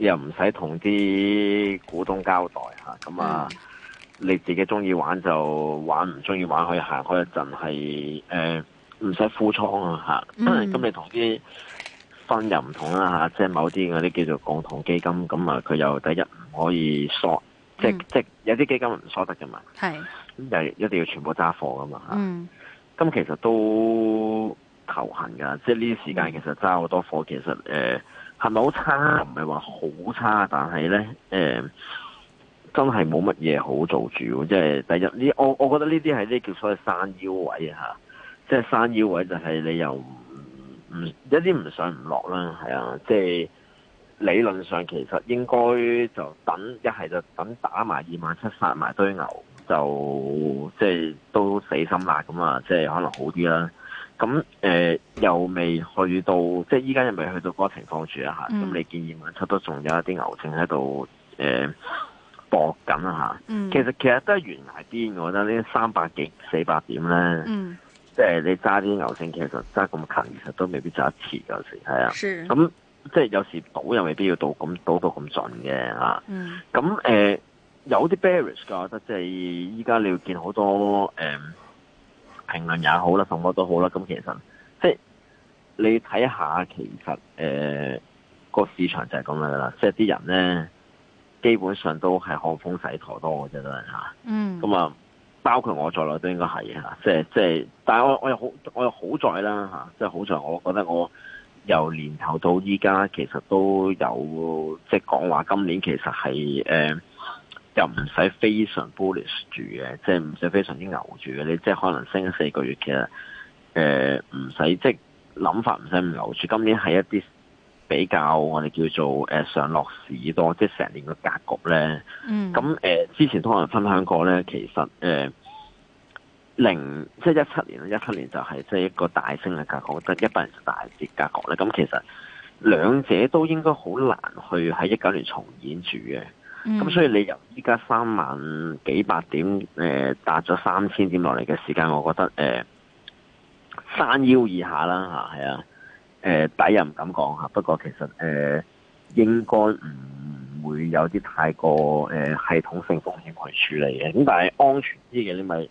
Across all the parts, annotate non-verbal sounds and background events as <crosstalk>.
又唔使同啲股東交代嚇咁啊、嗯、你自己中意玩就玩，唔中意玩可以行開一陣係，誒，唔使負倉啊嚇咁、嗯、你跟同啲分又唔同啦嚇，即係某啲嗰啲叫做共同基金，咁啊佢又第一唔可以索、嗯，即即有啲基金唔索得㗎嘛。係咁就一定要全部揸貨噶嘛。咁、嗯、其實都頭痕㗎，即係呢啲時間其實揸好多貨，其實誒。呃係咪好差？唔係話好差，但係呢，誒、嗯，真係冇乜嘢好做住，即係第一呢？我我覺得呢啲係啲叫所謂山腰位吓，即係山腰位就係你又唔唔一啲唔上唔落啦，係啊，即係理論上其實應該就等一係就等打埋二萬七殺埋堆牛，就即係都死心啦咁啊，即係可能好啲啦。咁誒、呃、又未去到，即係依家又未去到嗰個情況住啊吓。咁你建議萬七都仲有一啲牛證喺度誒搏緊一吓、嗯，其實其實都係懸崖邊，我覺得呢三百幾四百點咧，即係你揸啲牛證，其實揸咁近，其實都未必揸得切嗰時係啊。咁即係有時賭又未必要賭咁賭到咁準嘅。咁誒有啲 bearish 噶，我覺得即係依家你要見好多誒。嗯平衡也好啦，什麼都好啦，咁其實即係你睇下，其實誒個市場就係咁樣噶啦，即係啲人咧基本上都係看風使舵多嘅啫啦嚇。嗯。咁啊，包括我在內都應該係啊，即係即係，但係我我又好我又好在啦嚇，即係好在我覺得我由年頭到依家其實都有即係講話今年其實係誒。呃又唔使非常 bullish 住嘅，即係唔使非常之牛住嘅，你即係可能升咗四個月，其實誒唔使即係諗法唔使唔牛住。今年係一啲比較我哋叫做誒、呃、上落市多，即係成年嘅格局咧。咁、嗯、誒、呃、之前都可能分享過咧，其實誒、呃、零即係一七年，一七年就係即係一個大升嘅格局，得一八年就大跌格局咧。咁其實兩者都應該好難去喺一九年重演住嘅。咁、嗯、所以你由依家三萬幾百點，誒達咗三千點落嚟嘅時間，我覺得誒山、呃、腰以下啦吓，係啊，誒、啊呃、底又唔敢講吓，不過其實誒、呃、應該唔會有啲太過誒、呃、系統性風險去處理嘅，咁但係安全啲嘅你咪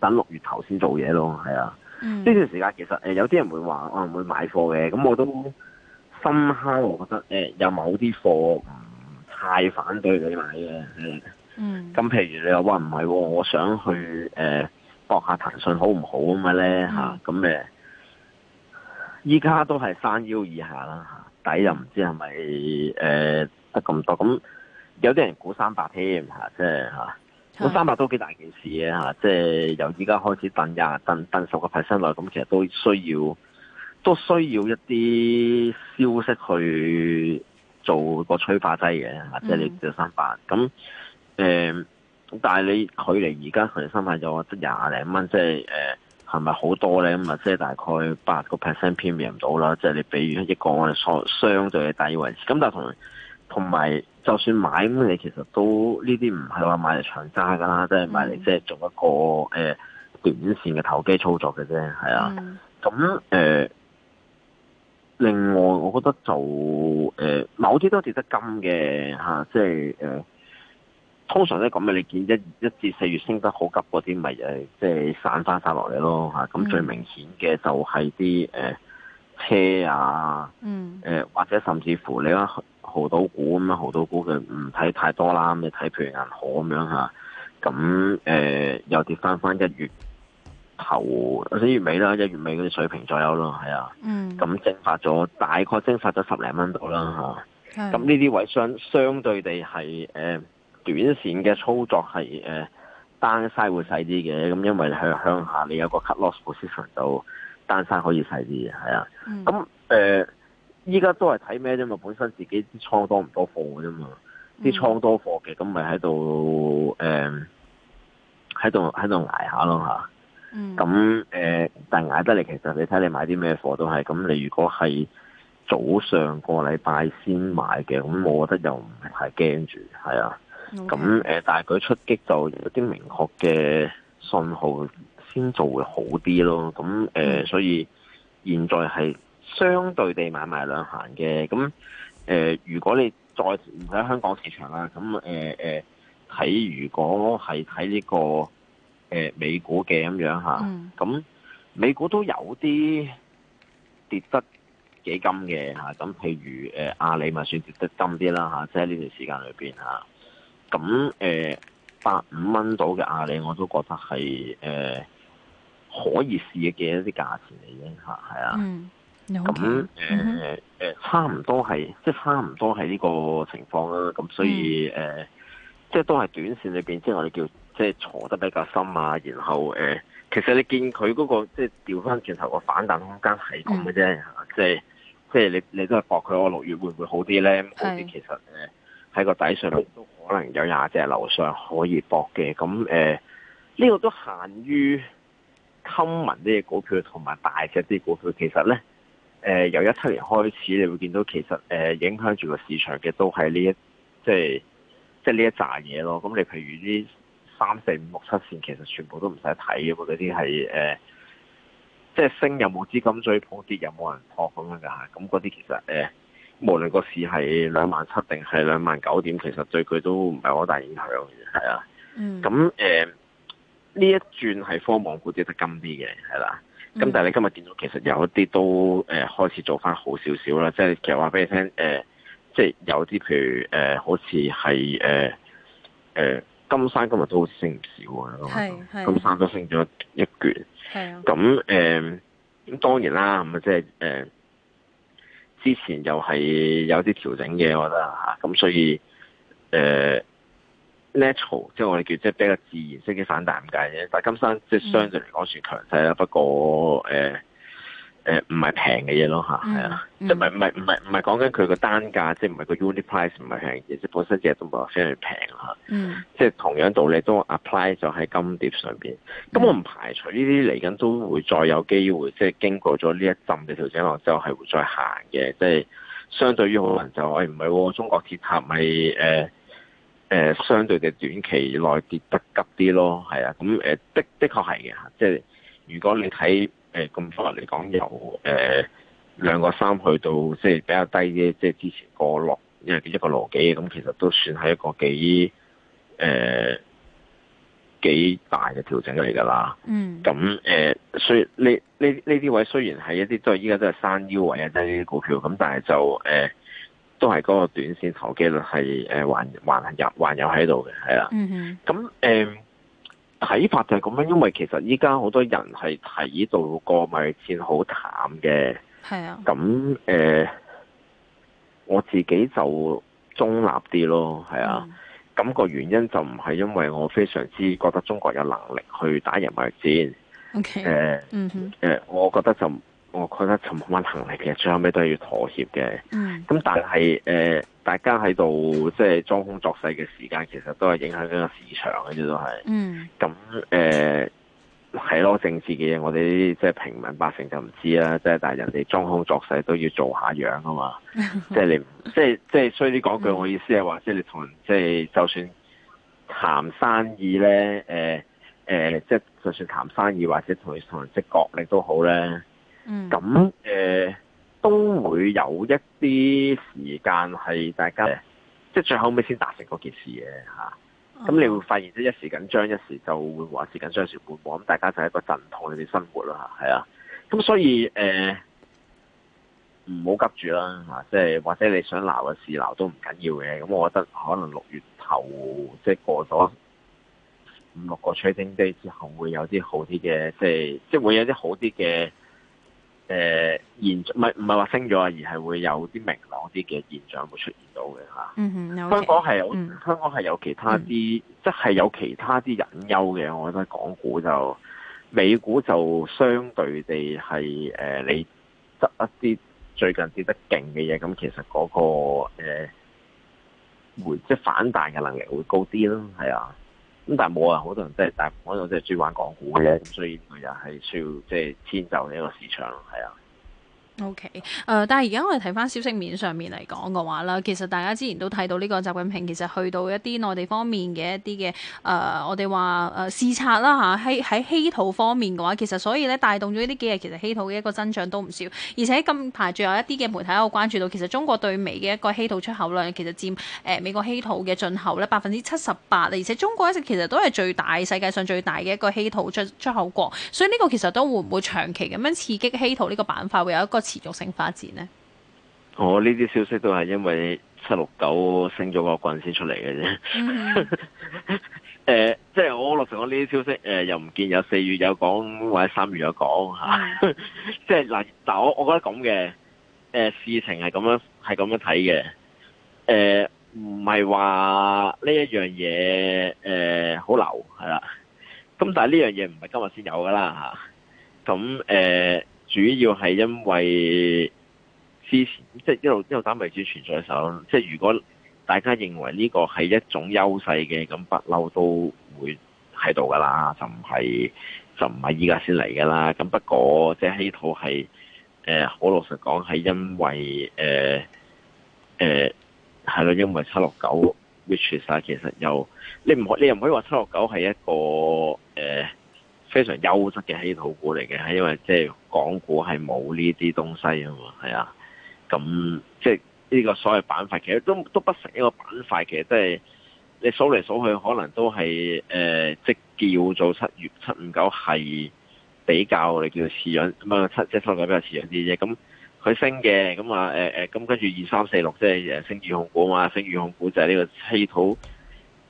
等六月頭先做嘢咯，係啊，呢、嗯、段時間其實誒、呃、有啲人會話我唔會買貨嘅，咁我都深刻，我覺得誒、呃、有某啲貨太反對你買嘅，嗯，咁譬如你又話唔係喎，我想去誒博下騰訊好唔好咁咧嚇？咁咧依家都係三腰以下啦嚇，底又唔知係咪誒得咁多，咁有啲人估三百添嚇，即係嚇，估三百都幾大件事嘅嚇，即係由依家開始等廿等等十個 percent 內，咁其實都需要都需要一啲消息去。做個催化劑嘅，即係你做三百咁，誒，但係你距離而家佢哋三百咗得廿零蚊，即係誒係咪好多咧？咁啊，即係大概八個 percent 偏未唔到啦。即係你比如一個我哋相對嘅低位，咁但係同同埋就算買咁，你其實都呢啲唔係話買嚟長揸噶啦，即係買嚟即係做一個誒、mm-hmm. 呃、短線嘅投機操作嘅啫，係啊，咁、mm-hmm. 誒。呃另外，我覺得就誒、呃、某啲都跌得深嘅即係誒通常咧咁嘅，你見一一至四月升得好急嗰啲，咪即係散翻晒落嚟咯咁、啊、最明顯嘅就係啲誒車啊，嗯，或者甚至乎你講豪賭股咁啊，豪賭股佢唔睇太多啦，咁你睇譬如銀河咁樣嚇，咁、啊、誒、啊、又跌翻翻一月。頭或者月尾啦，一月尾嗰啲水平左右咯，係啊，咁、嗯、蒸發咗，大概蒸發咗十零蚊度啦吓。咁呢啲位相相對地係誒、呃，短線嘅操作係誒、呃、單晒會細啲嘅，咁因為去向下你有個 cut loss position 就單晒可以細啲嘅，係啊。咁、嗯、誒，依家、呃、都係睇咩啫嘛？本身自己啲倉多唔多貨啫嘛？啲倉多貨嘅，咁咪喺度誒，喺度喺度捱下咯吓。啊咁、嗯、誒、嗯嗯，但係捱得嚟，其實你睇你買啲咩貨都係。咁你如果係早上個禮拜先買嘅，咁我覺得又唔係驚住，係啊。咁、嗯、誒，但係佢出擊就有啲明確嘅信號，先做會好啲咯。咁誒、呃嗯，所以現在係相對地買賣兩行嘅。咁誒、呃，如果你再唔喺香港市場啦，咁誒睇如果係睇呢個。誒，美股嘅，咁樣吓，咁、啊嗯、美股都有啲跌得幾金嘅吓，咁、啊、譬如誒阿里咪算跌得金啲啦吓，即係呢段時間裏邊吓，咁誒百五蚊到嘅阿里我都覺得係誒、啊、可以試嘅一啲價錢嚟嘅吓，係啊，咁誒誒差唔多係、嗯嗯啊，即係差唔多係呢個情況啦，咁所以誒即係都係短線裏邊，即係我哋叫。即、就、係、是、坐得比較深啊，然後誒、呃，其實你見佢嗰個即係調翻轉頭個反彈空間係咁嘅啫，即係即係你你都係搏佢，我六月會唔會好啲咧？好、mm. 似其實誒喺、呃、個底上都可能有廿隻樓上可以搏嘅，咁誒呢個都限於滲民啲嘅股票同埋大隻啲股票。其實咧誒、呃、由一七年開始，你會見到其實誒、呃、影響住個市場嘅都係呢一即係即係呢一扎嘢咯。咁你譬如啲。三四五六七線其實全部都唔使睇嘅喎，嗰啲係誒，即、呃、係、就是、升有冇資金追捧，跌有冇人託咁樣嘅嚇。咁嗰啲其實誒、呃，無論個市係兩萬七定係兩萬九點，其實對佢都唔係好大影響嘅，係啊。咁、嗯、誒，呢、呃、一轉係科網股跌得深啲嘅，係啦。咁但係你今日見到其實有一啲都誒、呃、開始做翻好少少啦，即、就、係、是、其實話俾你聽誒，即、呃、係、就是、有啲譬如誒、呃，好似係誒誒。呃呃金山今日都好升唔少啊，金山都升咗一卷。咁誒，咁、呃、當然啦，咁啊即係誒，之前又係有啲調整嘅，我覺得嚇。咁所以誒、呃、Natural 即係我哋叫即係比較自然式嘅反彈咁解嘅。但係金山即係相對嚟講算強勢啦，不過誒。呃誒、呃，唔係平嘅嘢咯吓，係、嗯、啊，即係唔係唔係唔係講緊佢個單價，即係唔係個 unit price 唔係平嘅，即係本身只都冇話非常平吓，即、嗯、係、就是、同樣道理都 apply 咗喺金碟上邊。咁我唔排除呢啲嚟緊都會再有機會，即、就、係、是、經過咗呢一陣嘅調整落之後，就係會再行嘅。即、就、係、是、相對於可能人就，誒唔係，中國鐵塔咪誒誒相對嘅短期內跌得急啲咯，係啊，咁、呃、誒的的確係嘅，即係如果你睇。誒咁可能嚟講由誒兩個三去到即係比較低啲，即係之前過落，因為一個邏輯嘅，咁其實都算係一個幾誒、呃、幾大嘅調整嚟㗎啦。嗯、mm-hmm.。咁、呃、誒，雖呢呢呢啲位雖然係一啲都係依家都係山腰位一啲股票，咁但係就誒、呃、都係嗰個短線投機率係誒、呃、還還入還有喺度嘅，係啦。咁、mm-hmm. 誒。呃睇法就係咁樣，因為其實依家好多人係睇到過埋戰好淡嘅，係啊，咁誒、呃，我自己就中立啲咯，係啊，咁、嗯，那個原因就唔係因為我非常之覺得中國有能力去打贏埋戰，OK，誒，誒、呃嗯，我覺得就我覺得就冇乜能力其實，最後尾都係要妥協嘅，嗯，咁但係誒。呃大家喺度即係裝腔作勢嘅時間，其實都係影響緊個市場嘅啫，都係。嗯、mm.。咁誒係咯，政治嘅嘢，我哋即係平民百姓就唔知啦。即、就、係、是、但係人哋裝腔作勢都要做下樣啊嘛。即 <laughs> 係你，即係即係，所以啲講句，我意思係話，即、就、係、是、你同即係，就算談生意咧，誒、呃、誒，即、呃、係、就是、就算談生意，或者同你同人即角，就是、力都好咧。咁、mm. 誒。呃都會有一啲時間係大家，即係最後尾先達成嗰件事嘅嚇。咁你會發現即一時緊張，一時就會話時間將前半步，咁大家就係一個陣痛你哋生活啦嚇，係啊。咁所以誒，唔好急住啦嚇，即係或者你想鬧嘅事鬧都唔緊要嘅。咁我覺得可能六月頭即係過咗五六個 trading day 之後，會有啲好啲嘅，即係即係會有啲好啲嘅。誒、呃，現唔係唔係話升咗啊，而係會有啲明朗啲嘅現象會出現到嘅吓。香港係香港係有其他啲，即、mm-hmm. 係有其他啲隱憂嘅。我覺得港股就美股就相對地係誒、呃，你得一啲最近跌得勁嘅嘢，咁其實嗰、那個誒、呃、會即係、就是、反彈嘅能力會高啲囉。係啊。咁但係冇啊，好多人即係，但我嗰即係中意玩港股嘅，咁所以佢又係需要即係遷就呢個市場，係啊。O.K.、呃、但係而家我哋睇翻消息面上面嚟講嘅話啦，其實大家之前都睇到呢個習近平其實去到一啲內地方面嘅一啲嘅、呃、我哋話誒視察啦嚇喺喺稀土方面嘅話，其實所以咧帶動咗呢幾日，其實稀土嘅一個增長都唔少，而且近排仲有一啲嘅媒體有關注到，其實中國對美嘅一個稀土出口量其實佔、呃、美國稀土嘅進口咧百分之七十八，而且中國一直其實都係最大世界上最大嘅一個稀土出出口國，所以呢個其實都會唔會長期咁樣刺激稀土呢個板塊會有一個持續性發展呢？我呢啲消息都係因為七六九升咗個棍先出嚟嘅啫。誒，即係我落實咗呢啲消息，誒、呃、又唔見有四月有講，或者三月有講吓。即係嗱，嗱、mm. 我 <laughs> 我覺得咁嘅，誒、呃、事情係咁樣，係咁樣睇嘅。誒、呃，唔係話呢一樣嘢誒好流係啦。咁但係呢樣嘢唔係今日先有噶啦吓。咁、呃、誒。主要係因為之前即、就是、一路一路打位置存在嘅時候，即、就是、如果大家認為呢個係一種優勢嘅，咁不嬲都會喺度噶啦，就唔係就唔係依家先嚟噶啦。咁不過，即稀土係誒，我老實講係因為誒誒係咯，因為七六九 which is 啊，其實又你不你又你唔可你唔可以話七六九係一個誒、呃、非常優質嘅稀土股嚟嘅，係因為即、就是。港股係冇呢啲東西啊嘛，係啊，咁即係呢個所謂板塊，其實都都不成一個板塊，其實真係你數嚟數去，可能都係誒、呃，即叫做七月七五九係比較你叫做似樣，唔係七即係比較似樣啲啫。咁佢升嘅，咁啊誒誒，咁、呃、跟住二三四六即係誒升預控股啊，升預控股就係呢個稀土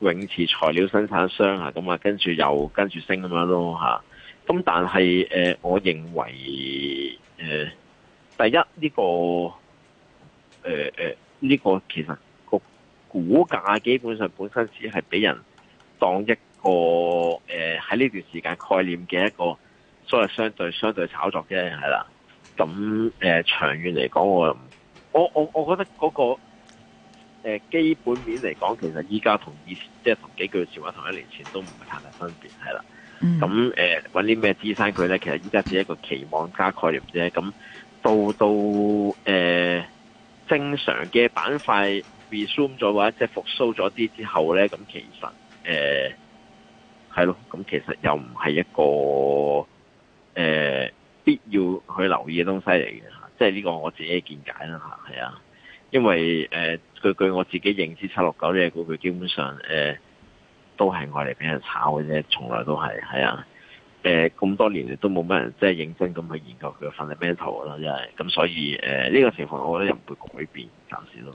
永磁材料生產商嘛嘛啊，咁啊跟住又跟住升咁樣咯嚇。咁但係，誒、呃，我認為，誒、呃，第一呢、這個，誒、呃、誒，呢、呃這個其實個股價基本上本身只係俾人當一個，誒喺呢段時間概念嘅一個所謂相對相對炒作嘅係啦。咁誒、呃，長遠嚟講，我我我我覺得嗰、那個誒、呃、基本面嚟講，其實依家同以前，即係同幾個月前同一年前都唔係太大分別，係啦。咁、嗯、誒，揾啲咩支撐佢咧？其實依家只係一個期望加概念啫。咁到到誒、呃，正常嘅板塊 resume 咗或者即係復蘇咗啲之後咧，咁其實誒係咯，咁、呃、其實又唔係一個誒、呃、必要去留意嘅東西嚟嘅吓。即係呢個我自己嘅見解啦吓，係啊，因為誒，據、呃、據我自己認知七六九呢啲股票，基本上誒。呃都係我哋俾人炒嘅啫，從來都係，係啊，誒、呃、咁多年都冇乜人即係認真咁去研究佢份 level 咯，真係，咁所以誒呢、呃呢個情況，我覺得又唔會改變，暫時都。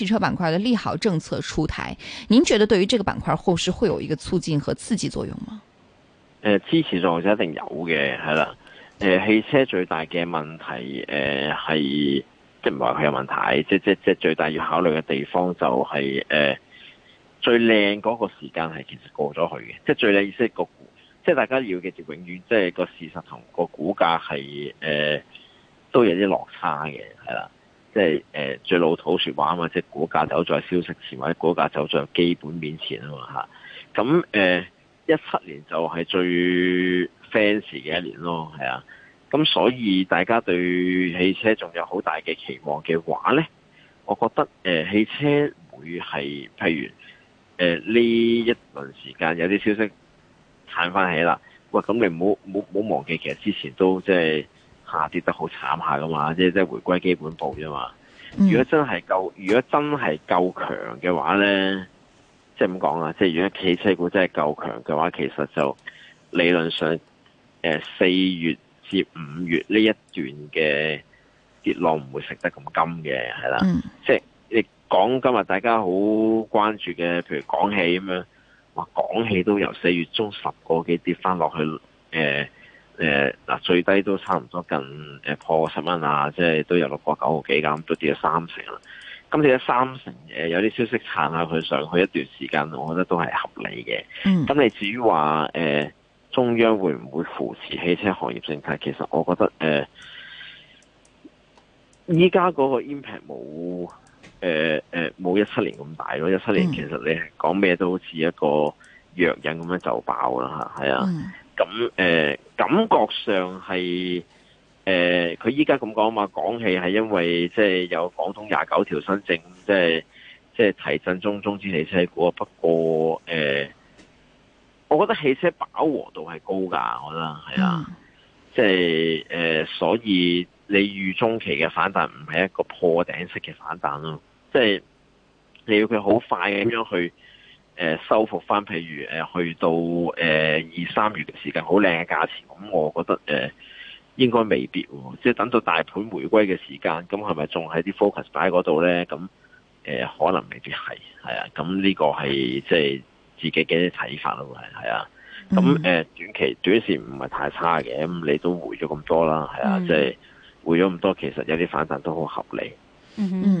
汽車板塊嘅利好政策出台，您覺得對於這個板塊後市會有一個促進和刺激作用嗎？誒、呃，支持作用就一定有嘅，係啦。誒、呃，汽車最大嘅問題，誒、呃、係即係唔係話佢有問題，即係即係即係最大要考慮嘅地方就係、是、誒、呃、最靚嗰個時間係其實過咗去嘅，即係最靚意思個，即係大家要嘅就永遠即係個事實同個股價係誒都有啲落差嘅，係啦。即係誒，最老土說話啊嘛，即係股價走在消息前，或者股價走在基本面前啊嘛吓。咁誒，一七年就係最 fans 嘅一年咯，係啊。咁所以大家對汽車仲有好大嘅期望嘅話呢，我覺得誒，汽車會係譬如誒呢、呃、一輪時間有啲消息彈翻起啦。喂，咁你唔好唔好唔好忘記，其實之前都即係。下跌得好慘下噶嘛，即係即係回歸基本步啫嘛。如果真係夠，如果真係夠強嘅話咧，即係咁講啊，即係如果汽車股真係夠強嘅話，其實就理論上，誒、呃、四月至五月呢一段嘅跌浪唔會食得咁甘嘅，係啦、嗯。即係你講今日大家好關注嘅，譬如廣汽咁樣，話廣汽都由四月中十個幾個跌翻落去，誒、呃。誒、呃，嗱，最低都差唔多近，誒、呃、破十蚊啊，即係都有六百九個幾咁，都跌咗三成啦。咁跌咗三成，誒、呃、有啲消息撐下佢上去一段時間，我覺得都係合理嘅。咁你至於話誒中央會唔會扶持汽車行業政策？其實我覺得誒，依家嗰個 impact 冇誒誒冇一七年咁大咯。一七年其實你講咩都好似一個藥引咁樣就爆啦吓，係啊。咁誒、呃，感覺上係誒，佢依家咁講嘛，講係係因為即係、就是、有廣東廿九條新政，即係即係提振中中資汽車股。不過誒、呃，我覺得汽車飽和度係高噶，我覺得係啊，即係誒，所以你預中期嘅反彈唔係一個破頂式嘅反彈咯，即、就、係、是、你要佢好快嘅咁樣去。誒修復翻，譬如誒去到誒二三月嘅時間，好靚嘅價錢，咁我覺得誒應該未必喎。即係等到大盤回歸嘅時間，咁係咪仲喺啲 focus 擺喺嗰度咧？咁誒可能未必係，係啊。咁呢個係即係自己嘅一啲睇法咯，係係啊。咁、mm-hmm. 短期短線唔係太差嘅，咁你都回咗咁多啦，係啊。即係回咗咁多，就是多 mm-hmm. 其實有啲反彈都好合理。嗯、mm-hmm. 嗯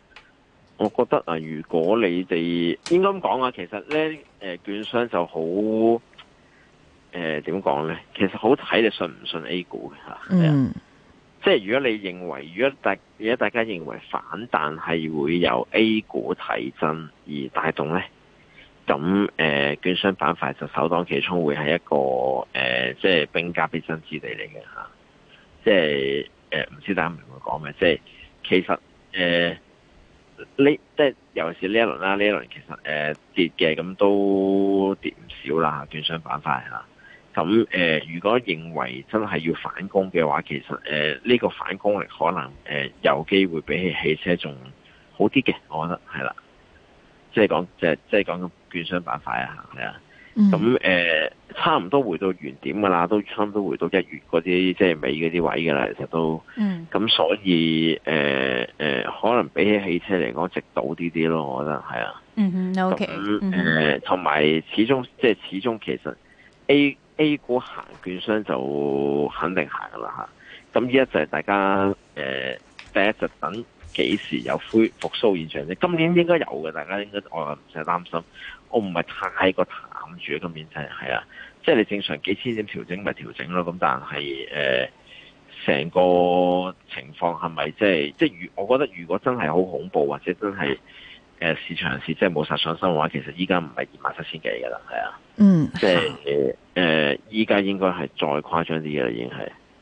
我覺得啊，如果你哋應該咁講啊，其實咧，誒，券商就好，誒、呃，點講咧？其實好睇你信唔信 A 股嘅吓。嗯。即係如果你認為，如果大家如果大家認為反彈係會由 A 股提振而帶動咧，咁誒、呃，券商板塊就首當其衝會係一個誒、呃，即係兵家必爭之地嚟嘅吓。即係誒，唔、呃、知道大家明唔明講咩？即係其實誒。呃呢即係尤其是呢一輪啦，呢一輪其實誒、呃、跌嘅咁都跌唔少啦，券商板塊係啦。咁誒、呃，如果認為真係要反攻嘅話，其實誒呢、呃呢個反攻力可能誒、呃、有機會比起汽車仲好啲嘅，我覺得係啦。即係講即係即係講緊券商板塊啊，係啊。.咁誒、呃，差唔多回到原點噶啦，都差唔多回到一月嗰啲即係尾嗰啲位噶啦，其實都。嗯。咁所以誒誒、呃呃，可能比起汽車嚟講，直到啲啲咯，我覺得係啊。嗯 OK。咁、okay, 誒，同、呃、埋、嗯、始終即係始終，其實 A A 股行券商就肯定行噶啦吓。咁依一依家就係大家誒，第一就等幾時有恢復蘇現象啫。今年應該有㗎，大家應該我唔使擔心。我唔係太過淡住一個面仔，係啊，即、就、係、是、你正常幾千點調整咪調整咯。咁但係誒，成、呃、個情況係咪、就是、即係即係？我覺得如果真係好恐怖，或者真係誒、呃、市場市即是真係冇晒上身冇晒信心嘅話，其實依家唔係二萬七千幾嘅喇，係啊，嗯、mm.，即係誒依家應該係再誇張啲嘅喇，已經係。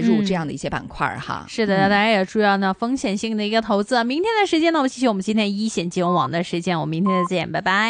入這樣的一些板塊，嗯、哈，是的，那大家也需要注意呢，風險性的一個投資。嗯，明天的時間呢，我們繼續我們今天一線金融網的時間，我們明天再見，拜拜。